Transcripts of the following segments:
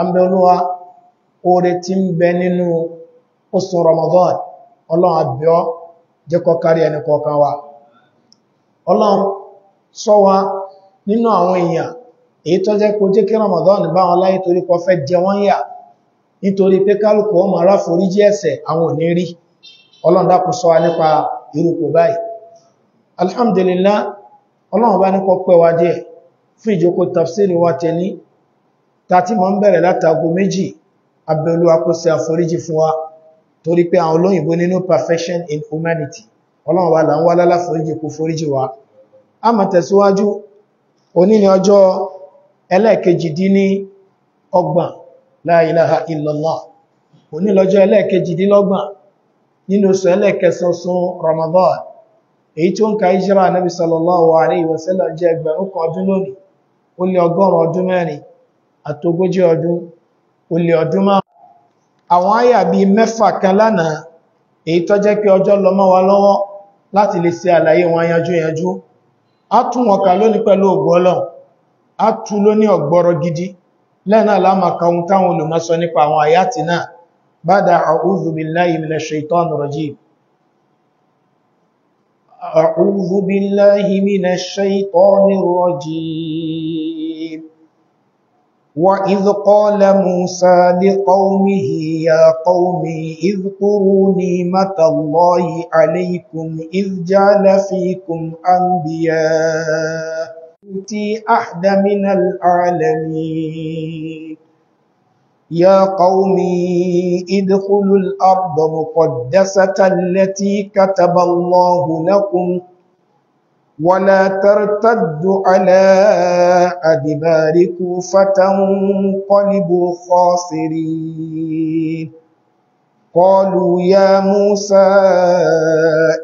àmbẹ̀lúwa oore tí ń bẹ nínú oṣù Ramadan ọlọ́run àbíọ́ jẹ́kọ́ kárí ẹni kọ̀ọ̀kan wa ọlọ́run sọ wa nínú àwọn èèyàn èyí tó jẹ́ kó Ramadan bá wọn láyé torí fẹ́ jẹ wọ́n yà nítorí pé kálùkù ọmọ ará àwọn òní rí ọlọ́run sọ wa nípa irúkò báyìí alhamdulillah ọlọ́run bá pẹ́ wa díẹ̀ fún ìjókòó tafsiri wa tàti mọ́ ń bẹ̀rẹ̀ látago méjì abẹ́lú akọ́sẹ̀ àforíjì fún wa torí pé àwọn olóyìnbó nínú perfection in humanity ọlọ́run wa là ń foríjì kú foríjì wa a máa tẹ̀síwájú òní ni ọjọ́ ní ilaha Ramadan èyí tó ń ka ìjírà anábì sallallahu àtogójì ọdún olè ọdún máa àwọn àyà bí mẹ́fà kan lánàá èyí tó jẹ́ pé ọjọ́ lọ mọ́ lọ́wọ́ láti lè ṣe àlàyé wọn yanjú yanjú a tún wọn lónìí pẹ̀lú ògbó a tún lóní gidi lẹ́nà sọ وإذ قال موسى لقومه يا قوم اذكروا نعمة الله عليكم إذ جعل فيكم أنبياء يؤتي أحد من العالمين يا قوم ادخلوا الأرض مقدسة التي كتب الله لكم ولا ترتد على أدباركم فتنقلبوا خاسرين قالوا يا موسى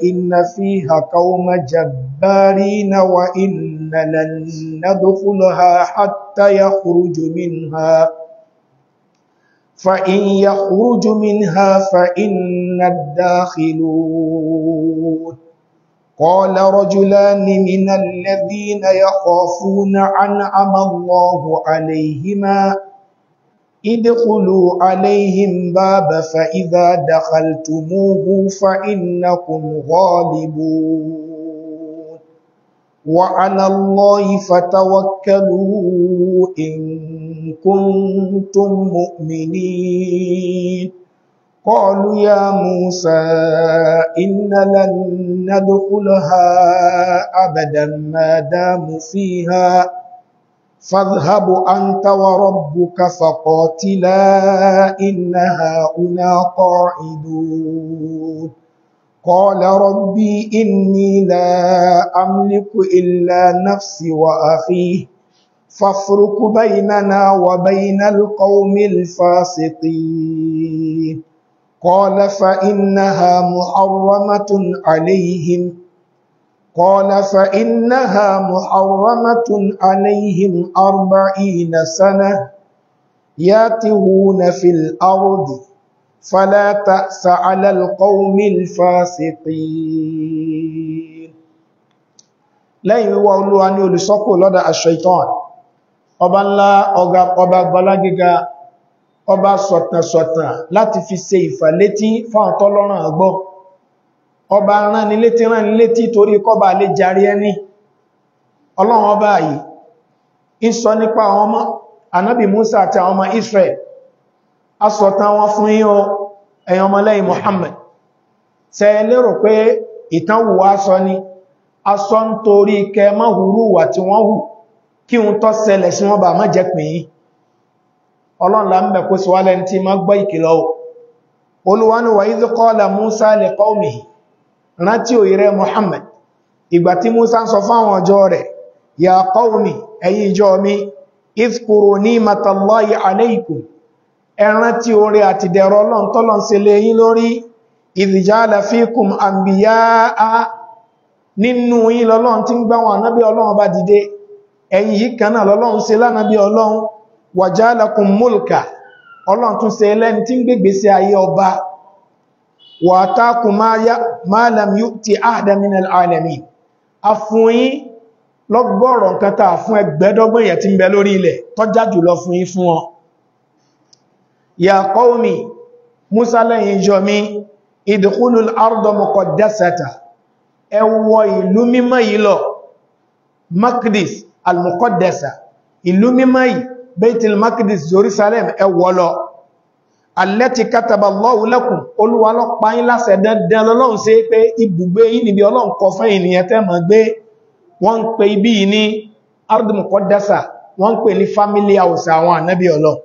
إن فيها قوم جبارين وإن لن ندخلها حتى يخرج منها فإن يخرج منها فإن الداخلون قال رجلان من الذين يخافون أنعم الله عليهما ادخلوا عليهم باب فإذا دخلتموه فإنكم غالبون وعلى الله فتوكلوا إن كنتم مؤمنين قالوا يا موسى إن لن ندخلها أبدا ما داموا فيها فاذهب أنت وربك فقاتلا إن هؤلاء قاعدون قال ربي إني لا أملك إلا نفسي وأخيه فافرق بيننا وبين القوم الفاسقين قال فإنها محرمة عليهم قال فإنها محرمة عليهم أربعين سنة ياتهون في الأرض فلا تأس على القوم الفاسقين lẹ́yìn wíwá أن ní لدى الشيطان أبا الله ọba أبا ọba ọba sọ̀tàn-sọ̀tàn láti fi ṣe ìfàlétí fáwọn tọ́lọ́ràn àgbọ́ ọba ránilétí ránilétí torí kọba lè jari ẹni ọlọ́run ọba yìí ń sọ nípa àwọn ọmọ anábì Musa àti àwọn ọmọ Israel a sọ̀tàn fún ọmọlẹ́yìn lérò pé ìtànwò ni ọlọ́nlá ń bẹ̀ kó sí wálẹ̀ tí ma gbọ́ ìkìlọ̀ olúwanuwa idh qala Musa li qawmihi rántí òyìrẹ Muhammad ìgbà tí Musa ń sọ fáwọn ọjọ́ rẹ̀ ya qawmi ẹ̀yin ìjọ mi izkuru ni'matallahi alaykum ẹ rántí oore àti dẹ̀rọ Ọlọ́run tọ́lọ́n ṣe lé yín lórí idh ja'ala lọ́lọ́run tí lánàbí Ọlọ́run wàjálàkùn múlùkà ọlọ́run tún ṣe ẹlẹ́ni tí ń gbégbé sí ayé ọba wà tákùn máa lam yu'ti ahadan minal alamin a fún yín lọ́gbọ́rọ̀ nǹkan tàà fún ẹgbẹ̀ẹ́dọ́gbọ̀n èyàn tí ń bẹ lórí ilẹ̀ tọ́já jùlọ fún yín fún wọn ya qawmi ìlú mímọ́ yìí Baitul Maqdis Jerusalem ẹ wọ̀ lọ allati kataba Allahu lakum Olúwa ló pa yín láṣẹ dandan lọ́lọ́run ṣe pé ibùgbé yín níbi Ọlọ́run kọ fún ènìyàn tẹ́ máa gbé wọ́n ń pè ibí yìí ní ardul muqaddasa wọ́n ń pè ní family house àwọn ànábì Ọlọ́run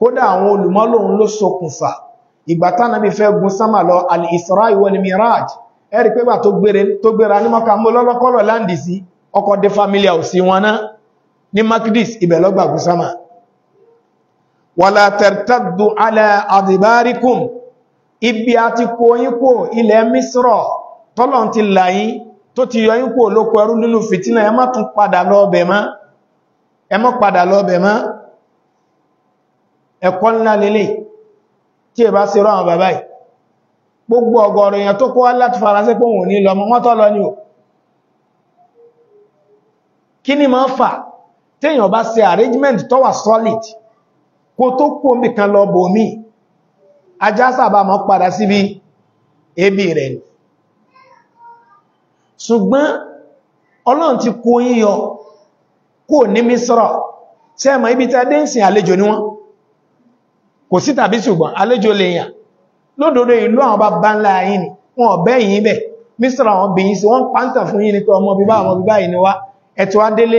kódà àwọn olùmọ́lòun ló ṣokùnfà ìgbà tánàbí fẹ́ gun sánmà lọ al-Isra wal Miraj ẹ̀rí pé gbà tó gbéra ní mọ́kànlọ́lọ́kọ́lọ̀ láǹdì sí ọkọ̀ dé family house wọn ní makdis ìbẹ̀lọ́gbà gúsámà wala tartaddu ala adibarikum ibi àti kó yínkò ilẹ̀ misro tọ́lọ̀ ti láyín tó ti yọ yínkò olóko ẹrú nínú fìtínà ẹ má tún padà lọ́ọ̀bẹ̀ má ẹ má padà lọ́ọ̀bẹ̀ má ẹ̀kọ́ ńlá lélẹ̀ tí ẹ bá ṣe rọ bàbá yìí gbogbo ọ̀gọ̀rọ̀ èèyàn tó kó wá láti faransé pé òun ní lọ mọ́ tọ́lọ ni ò kí ni máa fà téèyàn bá ṣe arrangement tó wà solid kó tó kú omi kan lọ bò mí ajá sábà máa padà síbi ebi rẹ̀ ni ṣùgbọ́n ọlọ́run ti kó yín yọ kó ní mísọ́rọ̀ tí ẹmọ̀ ibi tí a dé ń sin àlejò ní wọ́n kò sí tàbí ṣùgbọ́n àlejò lè yàn lódòdó ìlú àwọn bàbá ńlá yìí ni wọ́n ọ̀bẹ́ yìí bẹ̀ mísọ́rọ̀ àwọn bìyìn sí wọ́n pàǹtà fún yìí ni pé ọmọ bíbá ọmọ bíbá yìí ni wá ẹ̀tọ́ adélé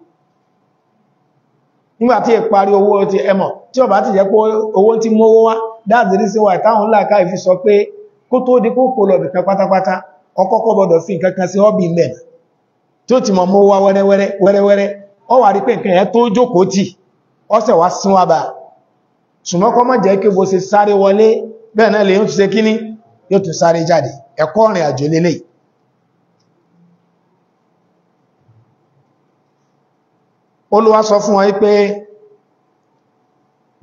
nígbàtí ìparí owó ti ẹmọ̀ tí ó bá ti jẹ́ pé owó tí mówó wá dáàdì rí sí wà ìtàwọn láàká ìfi sọ pé kó tó di kó kò lọ̀bì kan pátápátá ọkọ́kọ́ gbọ́dọ̀ fi nǹkan kan sí ọ́bì ilẹ̀ tí ó ti mọ̀ mówó wá wẹ́rẹ́wẹ́rẹ́ wẹ́rẹ́wẹ́rẹ́ ó wà rí pé nǹkan yẹn tó jókòó tì ọ́sẹ̀ wá sún wá bá ṣùgbọ́n jẹ́ kí ṣe sáré wọlé bẹ́ẹ̀ náà lè ṣe kíní yóò tún sáré olúwa sọ fún wọn pé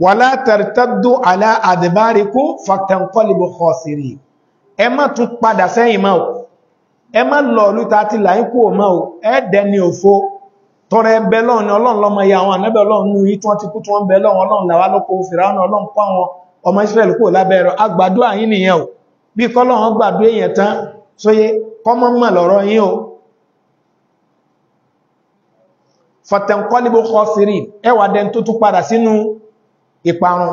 wala tartaddu ala adbarikum fatanqalibu khasirin ẹ má tún padà sẹ́yìn mọ́ ẹ má lọ lúta ti láìkú ò mọ́ ẹ̀ẹ́dẹ̀ ni òfo tọrọ ẹbẹ lọ́n ni ọlọ́run lọ́mọ ya àwọn ànábẹ̀ ọlọ́run ní ìtún ti kú tí fọ̀tẹ̀ǹkọ́líbó kọsìrì ẹwà dẹn tó tún padà sínú ìparun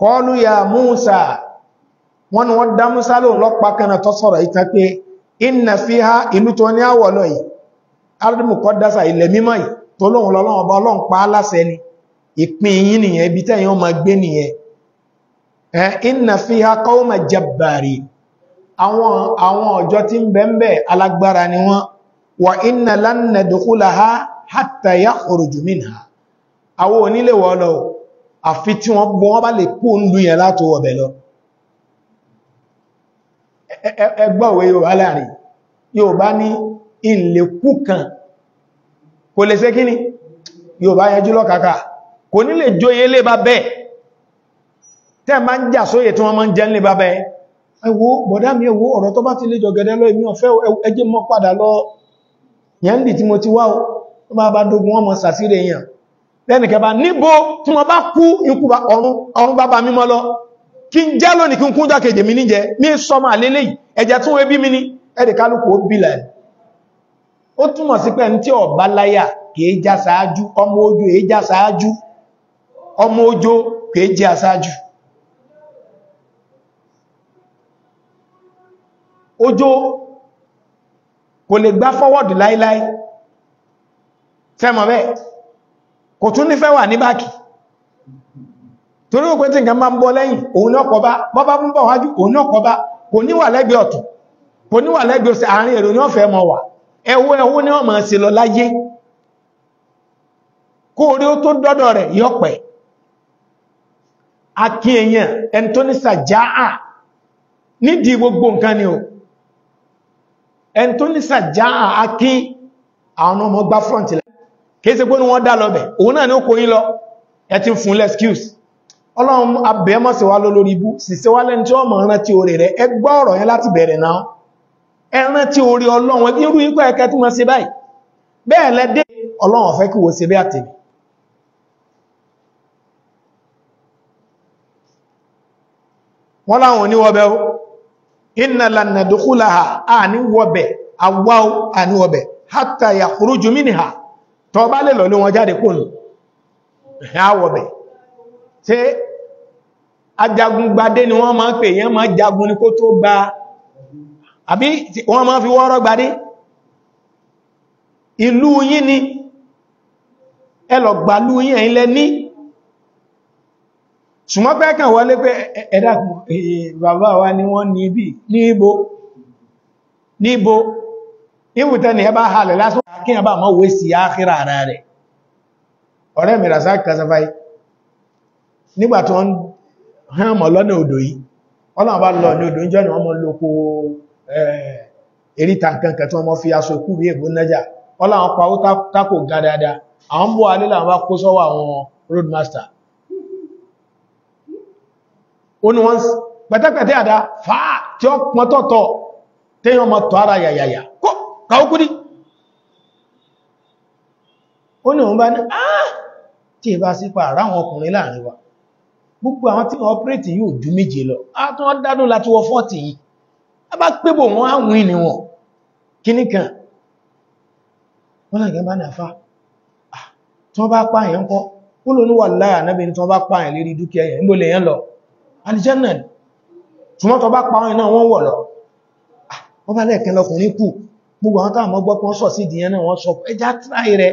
kọlu ya Musa wọn ni wọ́n dá Musa lóò lọ́pàá kanáà tó sọ̀rọ̀ ìta pé inna fiha ìlú tó ní àwọ̀lọ́ yìí ardimu kọ́dásà ilẹ̀ mímọ́ yìí pa aláṣẹ ni ìpín yín nìyẹn ibi tẹ́yìn ó máa gbé nìyẹn inna fiha qawma jabbari àwọn ọjọ́ tí ń wà iná lánà dùkúlà ha hátà yá òrùjù mìnà àwọn onílé wọ́ lọ àfi tí wọ́n gbọ́n bá lè kó ń lúyẹn látò ọ̀bẹ̀ lọ ẹgbọ́wé yóò wá láàrin yóò bá ní ilé kúkan kò lè ṣe kíní yóò bá yẹjú lọ́kàkà kò ní lè bá bẹ́ẹ̀ tẹ́ ma ń jà sóyè tí wọ́n ma ń jẹ́ lé bá bẹ́ẹ̀ ẹ bọ̀dá mi ẹ ọ̀rọ̀ tó bá ti lè jọ gẹ̀dẹ́ lọ èmi ọ̀fẹ́ ẹjẹ́ mọ́ padà lọ yẹn ń bì tí mo ti wá ó bá bá dogun wọn mọ̀ sàsíre èèyàn lẹ́nìkẹba níbo tí mo bá kú ikú ọ̀run bàbá mi mọ́ lọ kí n jẹ́ lónìí kí n kún jákèjì mi níjẹ ní sọmọ àlélẹ́ yìí ẹ̀jẹ̀ tún wé bí mi ní ẹ̀dẹ̀ kò lè gbá fọ́wọ́dì láíláí tẹ́mọ̀ bẹ́ẹ̀ kò tún nífẹ́ wà ní báàkì torí òpin tí nǹkan máa ń bọ́ lẹ́yìn òun náà kọ bá bọ́bá ń bọ̀ wájú òun náà kọ bá kò níwà lẹ́gbẹ̀ẹ́ ọ̀tún kò níwà lẹ́gbẹ̀ẹ́ ní ọ̀fẹ́ gbogbo nǹkan ni o ẹn tó ní sàjá àákí àwọn ọmọ gbá front ilẹ̀ kìí ṣe pé ní wọ́n dá lọ́bẹ̀ òun náà ní ó kò lọ ẹ fun fún lẹ́skíùs ọlọ́run abẹ́mọ́sẹ̀ wá lórí ibú síse wá lẹ́ni tí ọmọ rántí orí rẹ̀ ẹ gbọ́ ọ̀rọ̀ yẹn láti bẹ̀rẹ̀ ẹ rántí orí ọlọ́run irú ikú ẹ̀kẹ́ wọ́n láwọn inna lanna dukhulaha ani wobe awaw ani wobe hatta yakhruju minha tó bá lè lọ lé wọn jáde kun ha wobe ṣé ajagun gbadé ni wọ́n máa pè yẹn máa jagun ni kó tó gba àbí wọ́n máa fi woro gbadé ìlú yín ni ẹ lọ gba lẹ ni ṣùgbọ́n pẹ́ kàn wọlé pé ẹ̀dàkùn bàbá wa ni wọ́n ní ibi ní ibo ní ibo níbùtẹ́ ni ẹbá halẹ̀ lásán kí ẹbá mọ́ wé sí ákírà ara rẹ̀ ọ̀rẹ́ mi ni wọ́n mọ́ lóko eríta kankan tí wọ́n mọ́ fi aṣọ kú bí ègbó nájà ọlọ́run pa ó tako ga dáadáa àwọn bó alé làwọn bá kó sọ́wọ́ àwọn roadmaster òun wọ́n pẹ̀tẹ́pẹ̀tẹ́ àdá fàá tí ó pọn tọ́tọ̀ téèyàn ma tọ́ ara yàyàyà kó kàókú dí ó ní òun bá ní áá tí ìbá sí pa àrá àwọn ọkùnrin láàrin wa gbogbo àwọn tí wọ́n pírètì yóò ju méje lọ á a bá pébò wọn àwọn ìní wọn kíní kan wọ́n náà gẹ́gbà náà fa tí wọ́n bá pààyàn kọ́ ó lóníwà láyà náà bí tí wọ́n bá pààyàn lérí dúkìá yẹn ń bó lè yẹn lọ alìjẹ́nà ṣùgbọ́n tó bá pa wọn iná wọ́n wọ̀ lọ ah, wọ́n bá lẹ́ẹ̀kẹ́ lọkùnrin kù gbogbo àwọn táàmọ́ gbọ́ pọ́n sọ sí ìdíyẹn náà wọ́n sọ ẹjá tráì rẹ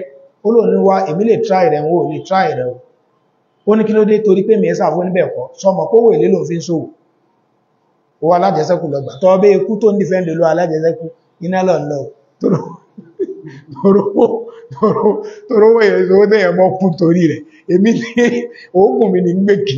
olóòníwá èmi lè tráì rẹ wọ́n ò lè tráì rẹ ó ní kí ló dé torí pé mẹ́sà fún níbẹ̀ kọ́ sọmọ pówó èlé ló fi ń ṣòwò owó alájẹsẹ́kù lọ́gbà tọ́ bẹ́ ikú tó ń dìfẹ́ lè lo alájẹsẹ́kù iná lọ lọ torówó èyí tó dẹ̀yẹ̀ mọ́ kú torí rẹ̀ èmi ní oògùn mi ní gbèkì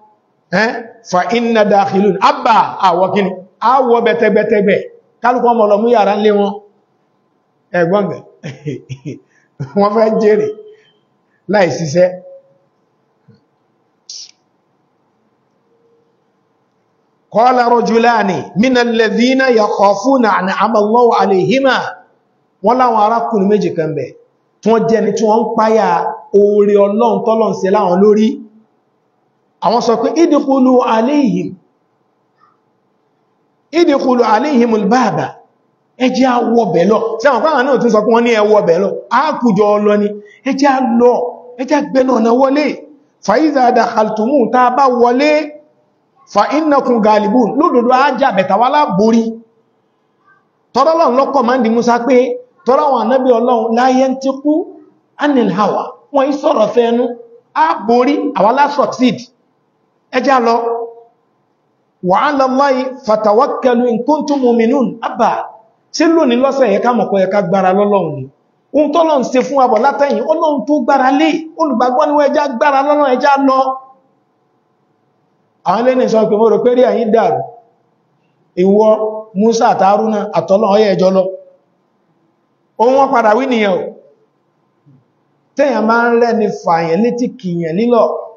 fa inna dakhilun abba àwọ̀ kíni àwọ̀ bẹ̀tẹ̀gbẹ̀tẹ̀gbẹ̀ kálùkọ́ mọ̀ lọ mú yàrá ńlé wọn ẹgbọ́ngẹ̀ wọ́n fẹ́ jèrè láìsíṣẹ́ qala rajulani min alladhina yakhafuna an'ama Allahu alayhima wọ́n láwọn arákùnrin méjì kan bẹ̀ tí wọ́n jẹ́ ni tí wọ́n ń páyà oore Ọlọ́run àwọn sọ pé ìdíkúlù aléhìm ìdíkúlù aléhìm albáàbà ẹjẹ́ àwọ̀ bẹ̀lọ tí àwọn pàwọn náà tún sọ pé wọ́n ní ẹwọ̀ bẹ̀lọ ákùjọ ọlọ ni ẹjẹ́ àlọ ẹjẹ́ gbẹ̀nà ọ̀nà wọlé fàíza dakhaltumu tá a bá wọlé fa innakum galibun lódòdó ajá bẹ̀tàwálá borí tọ́rọlọ́n lọ́kọ̀ máa ń di musa pé tọ́rọwọ̀n anábí ẹjá lọ wa ala Allahi fatawakkalu in kuntum mu'minun àbà sí lónìí lọ́sẹ̀ ẹ̀yẹ ká mọ̀kọ́ ẹ̀ká gbára lọ́lọ́run ni ohun tọ́lọ̀ ń ṣe fún wa bọ̀ látẹ̀yìn ọlọ́run tó gbára lé olùgbàgbọ́ ni wọ́n ẹjá gbára lọ́lọ́run ẹjá lọ àwọn lẹ́nì sọ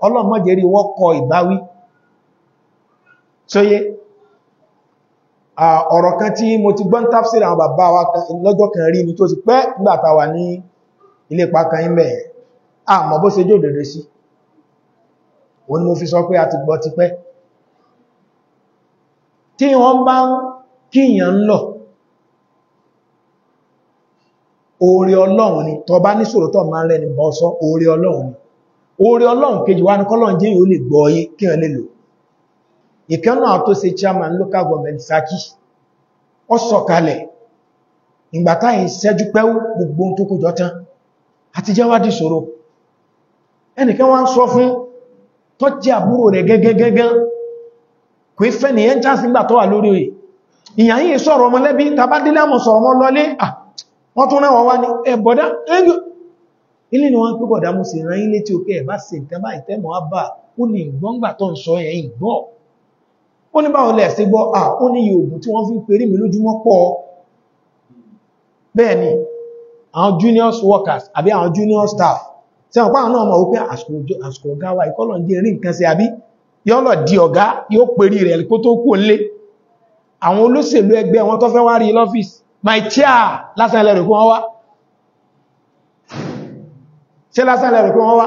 ọlọ́mọ́jẹ̀rí wọ́n kọ ìbáwí sóyé ọ̀rọ̀ kan tí mo ti gbọ́n tafsir àwọn bàbá wa lọ́jọ́ kan rí ní tó ti pẹ́ nígbàtà wà ní ilé pàkan imẹ̀ àmọ́ bó ṣe jò dòdò sí wọ́n ni mo fi sọ pé a ti gbọ́ ti pẹ́ tí wọ́n bá ń kíyàn ń lọ oore ọlọ́run ni tó bá ní sọ̀rọ̀ tó máa rẹ̀ ní bọ́sọ́ oore ọlọ́run ni orí ọlọ́run kejì wá ní kọ́lọ́run jẹ́ yóò lè gbọ́ ọyé kí ọ lè lò ìkẹ́nà tó chairman local government Saki ọ sọ̀kalẹ̀ ìgbàtá ìṣẹ́jú pẹ́wú gbogbo tó kójọ àti jẹ́wádìí sọ fún jẹ́ àbúrò rẹ̀ gẹ́gẹ́gẹ́gẹ́ ilé ni wọ́n pẹ́ bọ̀dá mo sì rán yín létí òkè ẹ̀ bá ṣe nǹkan báyìí tẹ́mọ̀ á bà ó ní ìgbọ́ngbà tó ń sọ ẹ̀yìn gbọ́ ó ní báwọn lẹ̀ sí gbọ́ à ó ní oògùn tí wọ́n fi ń perí mi lójúmọ́ pọ̀ bẹ́ẹ̀ ni àwọn junior workers àbí àwọn junior staff tí wọ́n pàwọn náà mọ̀ wípé àsìkò ọ̀gá wa ìkọ́lọ̀ ń dín rí nǹkan sí àbí yọ́ lọ di ọ̀gá yóò perí rẹ̀ kó tó kú nlé àwọn olóṣèlú ẹgbẹ́ wọn tó fẹ́ wá rí lọ́fíìsì my chair lásán ẹlẹ́rìí kó wọ́n wá ṣe lásán lẹ́rù pé wọ́n wá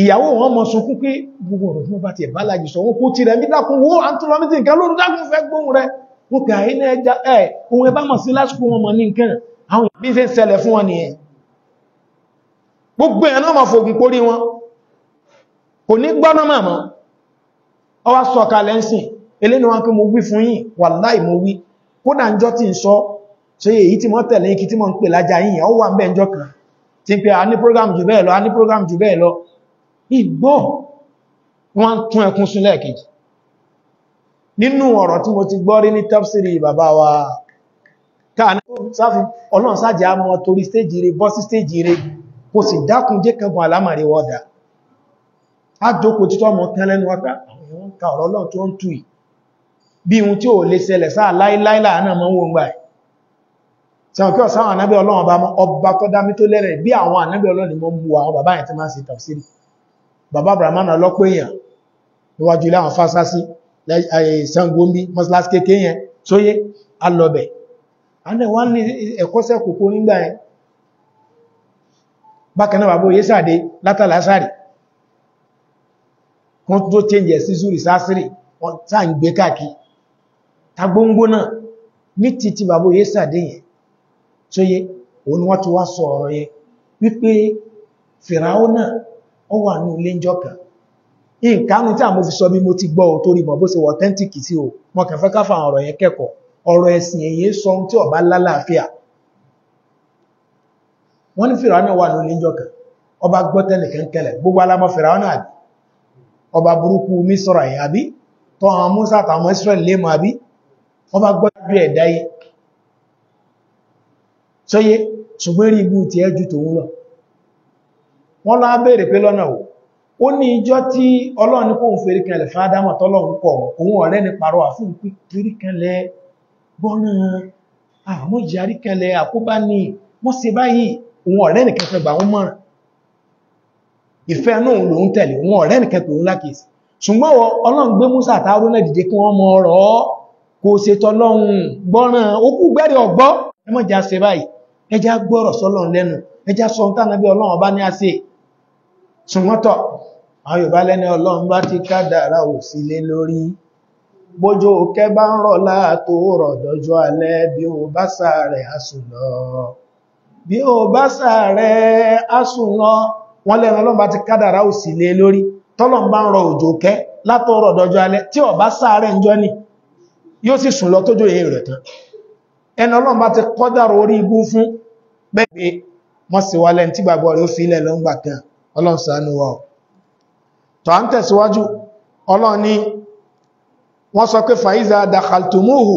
ìyàwó wọn mọ̀ sunkún pé gbogbo ọ̀rọ̀ tí wọ́n bá ti ẹ̀bá láàjì sọ wọ́n kó ti rẹ̀ mí dákun wó àtúrọmítì nǹkan lórí dákun fẹ́ gbóhùn rẹ̀ wọ́n kà á ilẹ̀ ẹja ẹ̀ ohun ẹbá mọ̀ sí lásìkò wọn mọ̀ ní nǹkan àwọn ìbí ṣe ń ṣẹlẹ̀ fún wọn nìyẹn tí pé a ní program jù bẹ́ẹ̀ lọ a ní program jù bẹ́ẹ̀ lọ ìgbọ́ wọ́n tún ẹkún sún lẹ́ẹ̀kejì nínú ọ̀rọ̀ tí mo ti gbọ́ rí ní tafsiri bàbá wa káàní ọlọ́run sáàjẹ́ a mọ́ torí stéjì a jókò títọ́ mọ́ tán lẹ́nu wáta ah, àwọn ka ọ̀rọ̀ ọlọ́run tó ń tù bí ohun tí ò lè ṣẹlẹ̀ sáà láíláílà náà mọ́ sẹ́wọ̀n kí ọ̀sán ànábí ọlọ́run bá mọ́ ọba tó dámi tó lẹ́rẹ̀ bí àwọn ànábí ọlọ́run ni mọ́ mú àwọn bàbá yẹn tí máa ń ṣe tafsiri bàbá brahman ọlọ́pọ̀ èèyàn níwájú ilé àwọn fásásí sangomi eh, mọ́sílásí kéèké yẹn sóyé alọ́bẹ̀ wọ́n ní ẹ̀kọ́sẹ́ kòkó nígbà yẹn bákan náà bàbá oyésàdé látàlásàrì wọ́n tó chẹ́njẹ̀ sí zúrì sásírì wọ́n sáà ń gbé káàkiri tagbóngbó náà ní títí bàbá oyésàdé yẹn tó yé òun wọ́n ti wá sọ ọ̀rọ̀ yẹ wípé fìràónà ó wà ní ilé ìjọkà ìkánú tí a mọ́ fi sọ bí mo ti gbọ́ ò torí mọ̀ bó ṣe wọ̀tẹ́ntìkì sí o wọn kàn fẹ́ káfà ọ̀rọ̀ yẹn kẹ́kọ̀ọ́ ọ̀rọ̀ ẹ̀sìn èyí sọ ohun tí ọba lálàáfíà wọ́n ní fìràónà wà ní ilé ìjọkà ọba gbọ́tẹ́nì kẹ́kẹ́lẹ̀ gbogbo alamọ fìràónà àbí ọba burúkú mísọ̀rọ̀ yẹn àbí tọ́ àwọn Mùsá àtàwọn Israẹli lé mọ́ àbí ọba gbọ́tẹ́nì ẹ̀dá sóyé ṣùgbọ́n rí ibú ti ẹjú tòun lọ wọ́n lọ bèèrè pé lọ́nà ò ó ní ìjọ́ tí ọlọ́run kò ń fèrí kanlẹ̀ fún adámọ̀ tọ́lọ́run kọ̀ òun ọ̀rẹ́ ní parọ́ àfún pírí kanlẹ̀ gbọ́nà àmọ́ ìyàrí kanlẹ̀ àkóbá ni wọ́n ṣe báyìí òun ọ̀rẹ́ nìkan fẹ́ gbà wọ́n mọ̀ràn ìfẹ́ náà lòun tẹ̀lé òun ọ̀rẹ́ nìkan pè òun lákèsí ṣùgbọ́n ọlọ́run gbé Musa àtàrú náà dìde kí wọ́n mọ ọ̀rọ̀ kò ṣe tọ́lọ́run gbọ́ràn ó kú gbẹ́rẹ̀ ọ̀gbọ́ ẹ mọ̀ jà ṣe báyìí ẹjá gbọ́rọ̀ sọ́lọ́n lẹ́nu ẹjá sọ tánàbí ọlọ́run bá ní a ṣe ṣùgbọ́ntọ̀ àwọn Yorùbá lẹ́ni ọlọ́run bá ti kádàrá ò sí lé lórí bójó kẹ́ bá ń rọ̀ láàtò rọ̀ dọ́jọ́ alẹ́ bí o bá sàárẹ̀ asùnlọ bí o bá sàárẹ̀ asùnlọ wọ́n lẹ́nu ọlọ́run bá ti kádàrá ò sí lé lórí tọ́lọ̀ yóò sì sùn lọ tójò èèrè tán ẹni ọlọ́run bá ti kọ́dàrò orí igú fún bẹ́ẹ̀ mọ́ sí wà lẹ́n tí gbàgbọ́ rẹ̀ ó fi ilẹ̀ lọ́ngbà kan ọlọ́run ṣàánú wa tọ́ à ń tẹ̀síwájú ọlọ́run ni wọ́n sọ pé fàíza dàkàltùmúhù